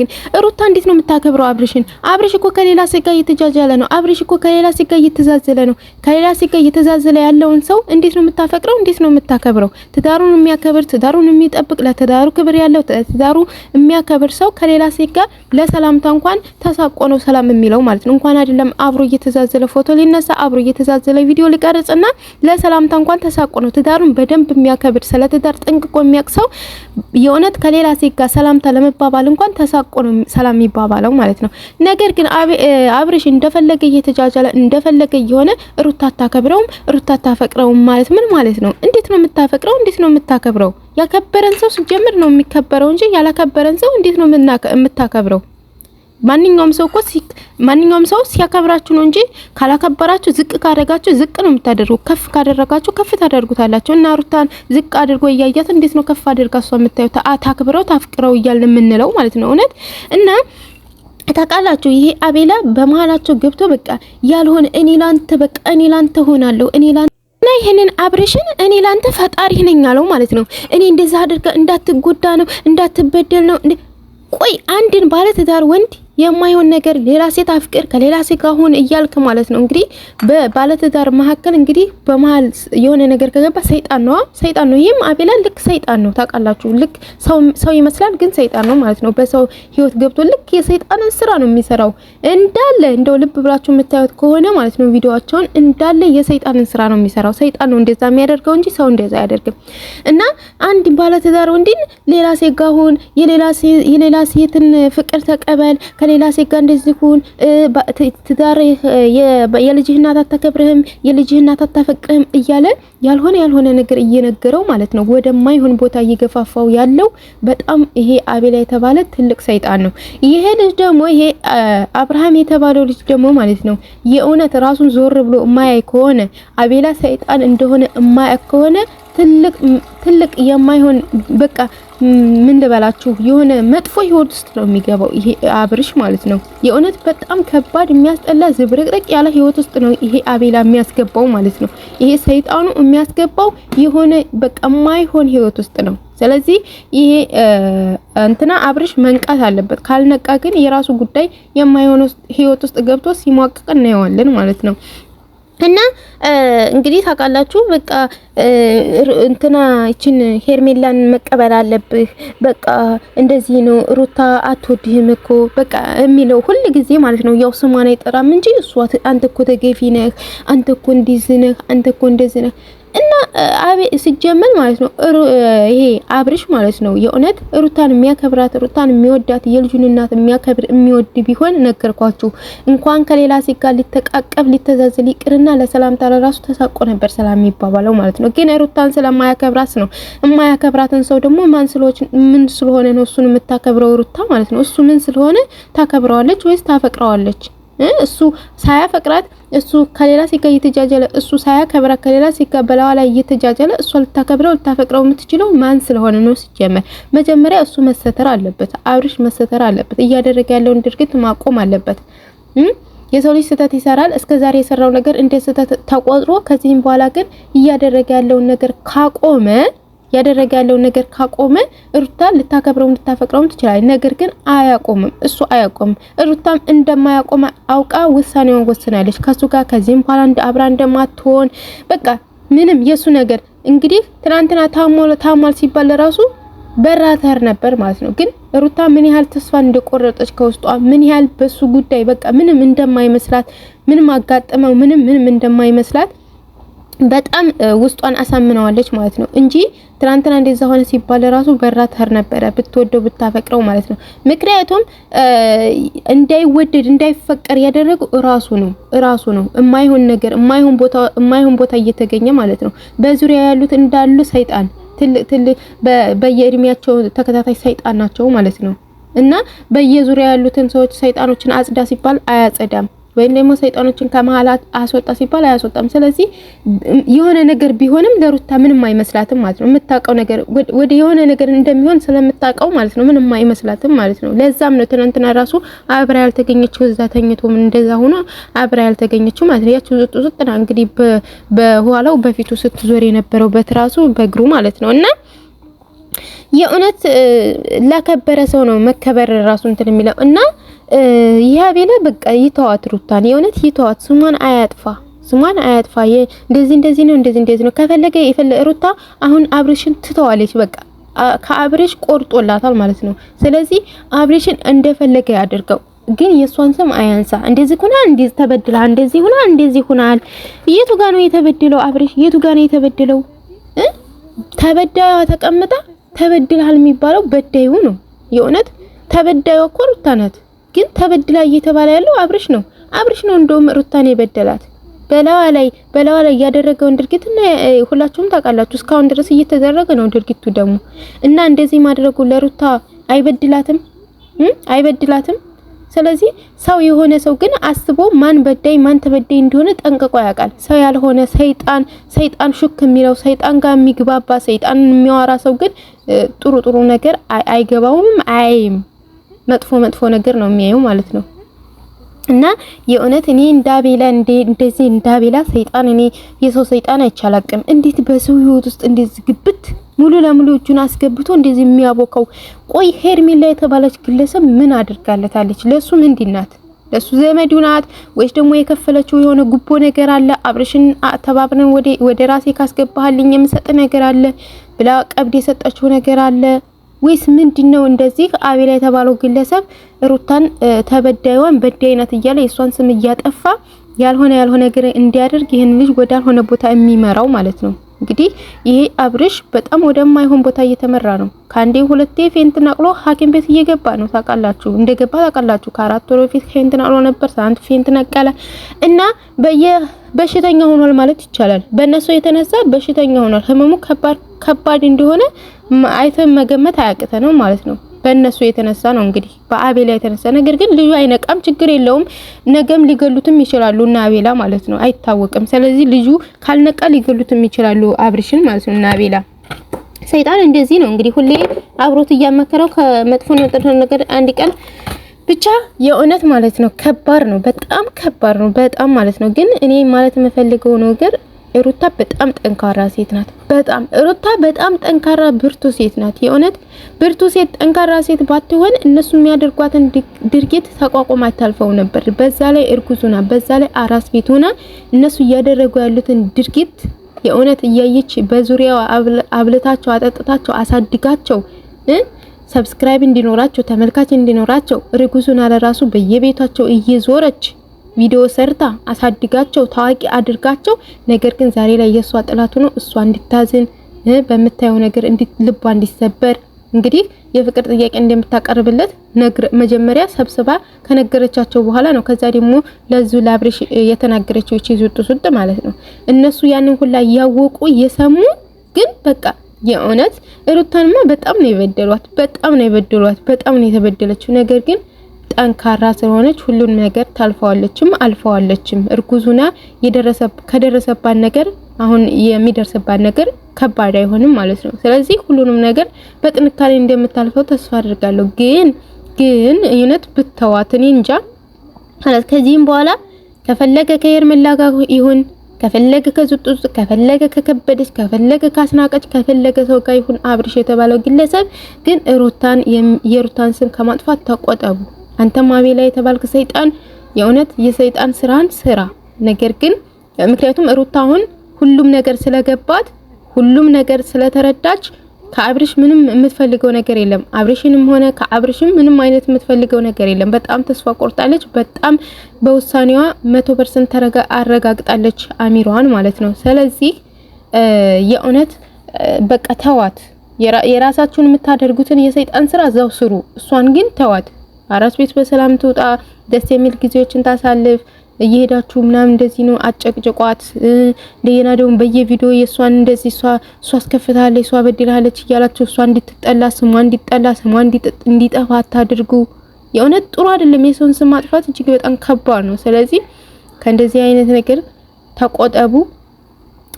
ግን ሩታ እንዴት ነው የምታከብረው? አብርሽን አብርሽ እኮ ከሌላ ሴት ጋር እየተጃጃለ ነው። አብርሽ እኮ ከሌላ ሴት ጋር እየተዛዘለ ነው። ከሌላ ሴት ጋር እየተዛዘለ ያለውን ሰው እንዴት ነው የምታፈቅረው? እንዴት ነው የምታከብረው? ትዳሩን የሚያከብር ትዳሩን የሚጠብቅ ለትዳሩ ክብር ያለው ትዳሩ የሚያከብር ሰው ከሌላ ሴት ጋር ለሰላምታ እንኳን ተሳቆ ነው ሰላም የሚለው ማለት ነው። እንኳን አይደለም አብሮ እየተዛዘለ ፎቶ ሊነሳ አብሮ እየተዛዘለ ቪዲዮ ሊቀርጽና ለሰላምታ እንኳን ተሳቆ ነው። ትዳሩን በደንብ የሚያከብር ስለ ትዳር ጠንቅቆ የሚያውቅ የእውነት ከሌላ ሴት ጋር ሰላምታ ለመባባል እንኳን ተሳቆ ተሳቆ ነው ሰላም የሚባባለው ማለት ነው። ነገር ግን አብርሽ እንደፈለገ እየተጃጃለ እንደፈለገ እየሆነ ሩታ አታከብረውም፣ ሩታ አታፈቅረውም ማለት ምን ማለት ነው? እንዴት ነው የምታፈቅረው? እንዴት ነው የምታከብረው? ያከበረን ሰው ሲጀምር ነው የሚከበረው እንጂ ያላከበረን ሰው እንዴት ነው የምታከብረው? ማንኛውም ሰው እኮ ማንኛውም ሰው ሲያከብራችሁ ነው እንጂ ካላከበራችሁ ዝቅ ካደረጋችሁ ዝቅ ነው የምታደርጉ፣ ከፍ ካደረጋችሁ ከፍ ታደርጉታላችሁ። እና ሩታን ዝቅ አድርጎ እያያት እንዴት ነው ከፍ አድርጋ እሷ የምታዩት? ታክብረው ታፍቅረው እያልን የምንለው ማለት ነው እውነት እና ታውቃላችሁ ይሄ አቤላ በመሀላቸው ገብቶ በቃ ያልሆነ እኔ ላንተ በቃ እኔ ላንተ ሆናለሁ እኔ ላንተ እና ይሄንን አብሬሽን እኔ ላንተ ፈጣሪ ነኝ አለው ማለት ነው። እኔ እንደዛ አድርገ እንዳትጎዳ ነው እንዳትበደል ነው። ቆይ አንድን ባለትዳር ወንድ የማይሆን ነገር ሌላ ሴት አፍቅር ከሌላ ሴት ጋር ሁን እያልክ ማለት ነው። እንግዲህ በባለትዳር መካከል እንግዲህ በመሀል የሆነ ነገር ከገባ ሰይጣን ነው ሰይጣን ነው። ይህም አቤላ ልክ ሰይጣን ነው ታውቃላችሁ። ልክ ሰው ይመስላል ግን ሰይጣን ነው ማለት ነው። በሰው ህይወት ገብቶ ልክ የሰይጣንን ስራ ነው የሚሰራው እንዳለ። እንደው ልብ ብላችሁ የምታዩት ከሆነ ማለት ነው ቪዲዮዋቸውን እንዳለ የሰይጣንን ስራ ነው የሚሰራው። ሰይጣን ነው እንደዛ የሚያደርገው እንጂ ሰው እንደዛ አያደርግም። እና አንድ ባለትዳር ወንድን ሌላ ሴት ጋር ሁን የሌላ ሴትን ፍቅር ተቀበል ከሌላ ሴት ጋር እንደዚህ ሁን፣ ትዳር የልጅህ እናት አታከብርህም፣ የልጅህ እናት አታፈቅርህም እያለ ያልሆነ ያልሆነ ነገር እየነገረው ማለት ነው ወደማይሆን ቦታ እየገፋፋው ያለው በጣም ይሄ አቤላ የተባለ ትልቅ ሰይጣን ነው። ይሄ ልጅ ደግሞ ይሄ አብርሃም የተባለው ልጅ ደግሞ ማለት ነው የእውነት ራሱን ዞር ብሎ እማያይ ከሆነ አቤላ ሰይጣን እንደሆነ እማያይ ከሆነ ትልቅ ትልቅ የማይሆን በቃ ምን ልበላችሁ የሆነ መጥፎ ህይወት ውስጥ ነው የሚገባው ይሄ አብርሽ ማለት ነው። የእውነት በጣም ከባድ የሚያስጠላ ዝብርቅርቅ ያለ ህይወት ውስጥ ነው ይሄ አቤላ የሚያስገባው ማለት ነው። ይሄ ሰይጣኑ የሚያስገባው የሆነ በቃ ማይሆን ህይወት ውስጥ ነው። ስለዚህ ይሄ እንትና አብርሽ መንቃት አለበት። ካልነቃ ግን የራሱ ጉዳይ የማይሆን ህይወት ውስጥ ገብቶ ሲሟቅቅ እናየዋለን ማለት ነው። እና እንግዲህ ታውቃላችሁ በቃ እንትና ይችን ሄርሜላን መቀበል አለብህ፣ በቃ እንደዚህ ነው ሩታ አትወድህም እኮ በቃ የሚለው ሁል ጊዜ ማለት ነው። ያው ስሟን አይጠራም እንጂ እሷ አንተ እኮ ተገፊ ነህ፣ አንተ እኮ እንዲህ ነህ፣ አንተ እኮ እንደዚህ ነህ ሲጀመር ማለት ነው ይሄ አብርሽ ማለት ነው የእውነት ሩታን የሚያከብራት ሩታን የሚወዳት የልጁን እናት የሚያከብር የሚወድ ቢሆን ነገርኳችሁ፣ እንኳን ከሌላ ሴት ጋር ሊተቃቀብ ሊተዛዝል ይቅርና ለሰላምታ ለራሱ ተሳቆ ነበር ሰላም የሚባባለው ማለት ነው። ግን ሩታን ስለማያከብራት ነው። የማያከብራትን ሰው ደግሞ ማን ምን ስለሆነ ነው እሱን የምታከብረው ሩታ ማለት ነው? እሱ ምን ስለሆነ ታከብረዋለች ወይስ ታፈቅረዋለች? እሱ ሳያፈቅራት እሱ ከሌላ ሴት ጋር እየተጃጀለ እሱ ሳያከብራት ከሌላ ሴት ጋር በላዋ ላይ እየተጃጀለ እሷ ልታከብረው ልታፈቅረው የምትችለው ማን ስለሆነ ነው? ሲጀመር መጀመሪያ እሱ መሰተር አለበት፣ አብርሽ መሰተር አለበት። እያደረገ ያለውን ድርጊት ማቆም አለበት። የሰው ልጅ ስህተት ይሰራል። እስከ ዛሬ የሰራው ነገር እንደ ስህተት ተቆጥሮ ከዚህም በኋላ ግን እያደረገ ያለውን ነገር ካቆመ ያደረገ ያለውን ነገር ካቆመ ሩታ ልታከብረውም ልታፈቅረውም ትችላለች። ነገር ግን አያቆምም፣ እሱ አያቆምም። ሩታም እንደማያቆም አውቃ ውሳኔውን ወስናለች። ከሱ ጋር ከዚህም በኋላ አብራ እንደማትሆን በቃ ምንም የሱ ነገር እንግዲህ ትናንትና ታሞለ ታሟል ሲባል ለራሱ በራተር ነበር ማለት ነው። ግን ሩታ ምን ያህል ተስፋ እንደቆረጠች ከውስጧ ምን ያህል በሱ ጉዳይ በቃ ምንም እንደማይመስላት ምንም አጋጠመው ምንም ምንም እንደማይመስላት በጣም ውስጧን አሳምነዋለች ማለት ነው እንጂ ትናንትና እንደዛ ሆነ ሲባል ራሱ ተር ነበረ ብትወደው ብታፈቅረው ማለት ነው። ምክንያቱም እንዳይወደድ እንዳይፈቀር ያደረገው ራሱ ነው ራሱ ነው የማይሆን ነገር የማይሆን ቦታ የማይሆን ቦታ እየተገኘ ማለት ነው። በዙሪያ ያሉት እንዳሉ ሰይጣን ትልቅ ትልቅ በየእድሜያቸው ተከታታይ ሰይጣን ናቸው ማለት ነው። እና በየዙሪያ ያሉትን ሰዎች ሰይጣኖችን አጽዳ ሲባል አያጸዳም። ወይም ደግሞ ሰይጣኖችን ከመሀል አስወጣ ሲባል አያስወጣም። ስለዚህ የሆነ ነገር ቢሆንም ለሩታ ምንም አይመስላትም ማለት ነው። የምታውቀው ነገር ወደ የሆነ ነገር እንደሚሆን ስለምታውቀው ማለት ነው ምንም አይመስላትም ማለት ነው። ለዛም ነው ትናንትና ራሱ አብራ ያልተገኘችው እዛ ተኝቶ ምን እንደዛ ሆኖ አብራ ያልተገኘችው ማለት ነው። ያቺ ዙጥ ዙጥ እንግዲህ በኋላው በፊቱ ስትዞር የነበረው በትራሱ በእግሩ ማለት ነው እና የእውነት ላከበረ ሰው ነው መከበር ራሱ እንትን የሚለው እና ያቤላ በቃ ይተዋት፣ ሩታን የእውነት ይተዋት፣ ስሟን አያጥፋ ስሟን አያጥፋ። እንደዚህ እንደዚህ ነው እንደዚህ እንደዚህ ነው ከፈለገ የፈለገ ሩታ አሁን አብሬሽን ትተዋለች። በቃ ከአብሬሽ ቆርጦላታል ማለት ነው። ስለዚህ አብሬሽን እንደፈለገ ያደርገው፣ ግን የእሷን ስም አያንሳ። እንደዚህ ሁና እንደዚህ ተበድላ እንደዚህ ሁና እንደዚህ ሁናል። የቱ ጋ ነው የተበደለው አብሬሽ? የቱ ጋ ነው የተበደለው? ተበዳዩ ተቀምጣ ተበድላል የሚባለው በዳዩ ነው። የእውነት ተበዳዩ እኮ ሩታ ናት። ግን ተበድላ እየተባለ ያለው አብርሽ ነው። አብርሽ ነው እንደውም ሩታን የበደላት በላዋ ላይ በላዋ ላይ ያደረገውን ድርጊት እና ሁላችሁም ታውቃላችሁ። እስካሁን ድረስ እየተደረገ ነው ድርጊቱ ደግሞ እና እንደዚህ ማድረጉ ለሩታ አይበድላትም አይበድላትም። ስለዚህ ሰው የሆነ ሰው ግን አስቦ ማን በዳይ ማን ተበዳይ እንደሆነ ጠንቅቆ ያውቃል። ሰው ያልሆነ ሰይጣን ሰይጣን ሹክ የሚለው ሰይጣን ጋር የሚግባባ ሰይጣን የሚያወራ ሰው ግን ጥሩ ጥሩ ነገር አይገባውም አይም መጥፎ መጥፎ ነገር ነው የሚያዩ ማለት ነው። እና የእውነት እኔ እንዳቤላ እንደዚህ እንዳቤላ ሰይጣን እኔ የሰው ሰይጣን አይቻላቅም። እንዴት በሰው ህይወት ውስጥ እንደዚህ ግብት ሙሉ ለሙሉ እጁን አስገብቶ እንደዚህ የሚያቦካው? ቆይ ሄርሜላ የተባለች ግለሰብ ምን አድርጋለታለች? ለሱ ምንድን ናት? ለሱ ዘመዱ ናት ወይስ ደግሞ የከፈለችው የሆነ ጉቦ ነገር አለ? አብረሽን ተባብረን ወደ ወደ ራሴ ካስገባህልኝ የምሰጥ ነገር አለ ብላ ቀብድ የሰጠችው ነገር አለ ወይስ ምንድን ነው? እንደዚህ አቤላ የተባለው ግለሰብ ሩታን ተበዳይዋን በዳይ ናት እያለ የእሷን ስም እያጠፋ ያልሆነ ያልሆነ ነገር እንዲያደርግ ይህን ልጅ ወዳልሆነ ቦታ የሚመራው ማለት ነው። እንግዲህ ይሄ አብርሽ በጣም ወደማይሆን ቦታ እየተመራ ነው። ከአንዴ ሁለቴ ፌንት ናቅሎ ሐኪም ቤት እየገባ ነው። ታውቃላችሁ፣ እንደገባ ታውቃላችሁ። ከአራት ወር በፊት ፌንት ናቅሎ ነበር። ትናንት ፌንት ነቀለ እና በየ በሽተኛ ሆኗል ማለት ይቻላል። በእነሱ የተነሳ በሽተኛ ሆኗል። ህመሙ ከባድ ከባድ እንደሆነ አይተን መገመት ነው ማለት ነው። በእነሱ የተነሳ ነው እንግዲህ በአቤላ የተነሳ ነገር ግን ልጁ አይነቃም፣ ችግር የለውም። ነገም ሊገሉትም ይችላሉ እና አቤላ ማለት ነው አይታወቅም። ስለዚህ ልጁ ካልነቃ ሊገሉትም ይችላሉ አብርሽን ማለት ነው እና አቤላ ሰይጣን እንደዚህ ነው እንግዲህ ሁሌ አብሮት እያመከረው ከመጥፎ ነገር አንድ ቀን ብቻ የእውነት ማለት ነው ከባድ ነው፣ በጣም ከባድ ነው፣ በጣም ማለት ነው። ግን እኔ ማለት የምፈልገው ነገር ሩታ በጣም ጠንካራ ሴት ናት። በጣም ሩታ በጣም ጠንካራ ብርቱ ሴት ናት። የእውነት ብርቱ ሴት፣ ጠንካራ ሴት ባትሆን እነሱ የሚያደርጓትን ድርጊት ተቋቁማ አታልፈው ነበር። በዛ ላይ እርጉዝ ሆና፣ በዛ ላይ አራስ ቤት ሆና እነሱ እያደረጉ ያሉትን ድርጊት የእውነት እያየች በዙሪያው አብልታቸው፣ አጠጥታቸው፣ አሳድጋቸው ሰብስክራይብ እንዲኖራቸው ተመልካች እንዲኖራቸው ርጉዙን አለራሱ በየቤታቸው እየዞረች ቪዲዮ ሰርታ አሳድጋቸው ታዋቂ አድርጋቸው። ነገር ግን ዛሬ ላይ የእሷ ጥላት ሆኖ እሷ እንድታዝን በምታየው ነገር ልቧ እንዲሰበር እንግዲህ የፍቅር ጥያቄ እንደምታቀርብለት መጀመሪያ ሰብስባ ከነገረቻቸው በኋላ ነው። ከዛ ደግሞ ለዙ ላብሬሽ የተናገረችው እቺ ዙጥ ሱጥ ማለት ነው። እነሱ ያንን ሁላ እያወቁ እየሰሙ ግን በቃ የእውነት ሩታንማ በጣም ነው የበደሏት፣ በጣም ነው የበደሏት፣ በጣም ነው የተበደለችው ነገር ግን ጠንካራ ስለሆነች ሁሉን ነገር ታልፈዋለችም አልፈዋለችም። እርጉዙና ከደረሰባት ነገር አሁን የሚደርስባት ነገር ከባድ አይሆንም ማለት ነው። ስለዚህ ሁሉንም ነገር በጥንካሬ እንደምታልፈው ተስፋ አድርጋለሁ። ግን ግን እውነት ብተዋት እኔ እንጃ ማለት ከዚህም በኋላ ከፈለገ ከሄርሜላ ጋር ይሁን ከፈለገ ከዙጡዝ ከፈለገ ከከበደች ከፈለገ ካስናቀች ከፈለገ ሰው ጋር ይሁን አብርሽ የተባለው ግለሰብ ግን ሩታን የሩታን ስም ከማጥፋት ተቆጠቡ። አንተም አቤላ የተባልክ ሰይጣን የእውነት የሰይጣን ስራን ስራ። ነገር ግን ምክንያቱም ሩታ አሁን ሁሉም ነገር ስለገባት ሁሉም ነገር ስለተረዳች ከአብርሽ ምንም የምትፈልገው ነገር የለም። አብርሽንም ሆነ ከአብርሽም ምንም አይነት የምትፈልገው ነገር የለም። በጣም ተስፋ ቆርጣለች። በጣም በውሳኔዋ 100% አረጋግጣለች አሚሯን ማለት ነው። ስለዚህ የእውነት በቃ ተዋት። የራሳችሁን የምታደርጉትን የሰይጣን ስራ እዛው ስሩ። እሷን ግን ተዋት። አራስ ቤት በሰላም ትውጣ፣ ደስ የሚል ጊዜዎችን ታሳልፍ። እየሄዳችሁ ምናምን እንደዚህ ነው አጨቅጭቋት። እንደገና ደግሞ በየቪዲዮ የእሷን እንደዚህ እሷ እሷ አስከፍታለች እሷ በድላለች እያላችሁ እሷ እንድትጠላ ስሟ እንዲጠላ ስሟ እንዲጠፋ አታድርጉ። የእውነት ጥሩ አይደለም። የሰውን ስም ማጥፋት እጅግ በጣም ከባድ ነው። ስለዚህ ከእንደዚህ አይነት ነገር ተቆጠቡ።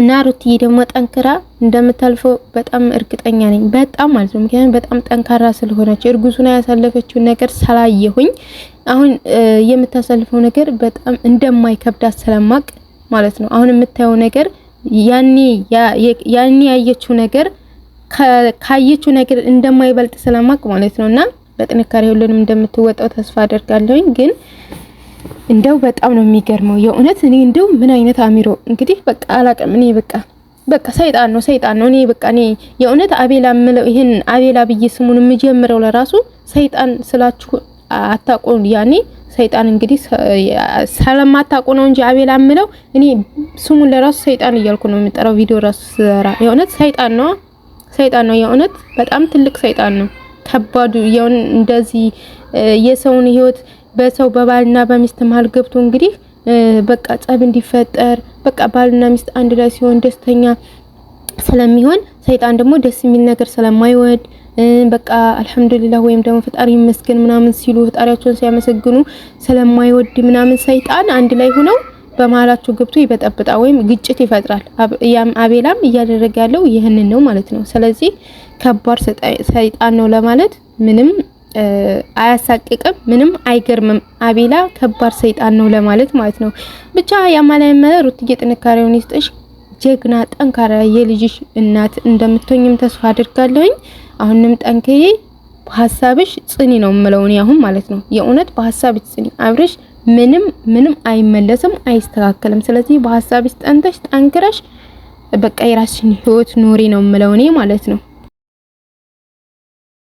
እና ሩትዬ ደግሞ ጠንክራ እንደምታልፈው በጣም እርግጠኛ ነኝ። በጣም ማለት ነው። ምክንያቱም በጣም ጠንካራ ስለሆነች እርጉዙን ያሳለፈችውን ነገር ሳላየሁኝ አሁን የምታሳልፈው ነገር በጣም እንደማይከብዳት ስለማቅ ማለት ነው። አሁን የምታየው ነገር ያኔ ያኔ ያየችው ነገር ካየችው ነገር እንደማይበልጥ ስለማቅ ማለት ነውና በጥንካሬ ሁሉንም እንደምትወጣው ተስፋ አደርጋለሁኝ ግን እንደው በጣም ነው የሚገርመው የእውነት እኔ እንደው ምን አይነት አሚሮ እንግዲህ በቃ አላቅም። እኔ በቃ በቃ ሰይጣን ነው ሰይጣን ነው። እኔ በቃ እኔ የእውነት አቤላ ምለው ይሄን አቤላ ብዬ ስሙን የምጀምረው ለራሱ ሰይጣን ስላችሁ አታውቁ። ያኔ ሰይጣን እንግዲህ ስለማታውቁ ነው እንጂ አቤላ ምለው እኔ ስሙን ለራሱ ሰይጣን እያልኩ ነው የምጠራው። ቪዲዮ ራሱ ስራ የእውነት ሰይጣን ነው ሰይጣን ነው የእውነት በጣም ትልቅ ሰይጣን ነው። ከባዱ እንደዚህ የሰውን ህይወት በሰው በባልና በሚስት መሀል ገብቶ እንግዲህ በቃ ጸብ እንዲፈጠር በቃ ባልና ሚስት አንድ ላይ ሲሆን ደስተኛ ስለሚሆን ሰይጣን ደግሞ ደስ የሚል ነገር ስለማይወድ በቃ አልሐምዱሊላህ ወይም ደግሞ ፈጣሪ ይመስገን ምናምን ሲሉ ፈጣሪያቸውን ሲያመሰግኑ ስለማይወድ ምናምን ሰይጣን አንድ ላይ ሆነው በመሀላቸው ገብቶ ይበጠብጣ ወይም ግጭት ይፈጥራል። አቤላም እያደረገ ያለው ይህንን ነው ማለት ነው። ስለዚህ ከባድ ሰይጣን ነው ለማለት ምንም አያሳቅቅም፣ ምንም አይገርምም። አቤላ ከባድ ሰይጣን ነው ለማለት ማለት ነው። ብቻ ያማላይ ሩትዬ ጥንካሬውን ይስጥሽ። ጀግና ጠንካራ የልጅሽ እናት እንደምትሆኝም ተስፋ አድርጋለሁኝ። አሁንም ጠንክዬ በሀሳብሽ ጽኒ ነው የምለው እኔ አሁን ማለት ነው። የእውነት በሀሳብሽ ጽኒ አብረሽ ምንም ምንም አይመለስም፣ አይስተካከልም። ስለዚህ በሀሳብሽ ጠንተሽ ጠንክረሽ በቃ የራስሽን ህይወት ኑሪ ነው የምለው እኔ ማለት ነው።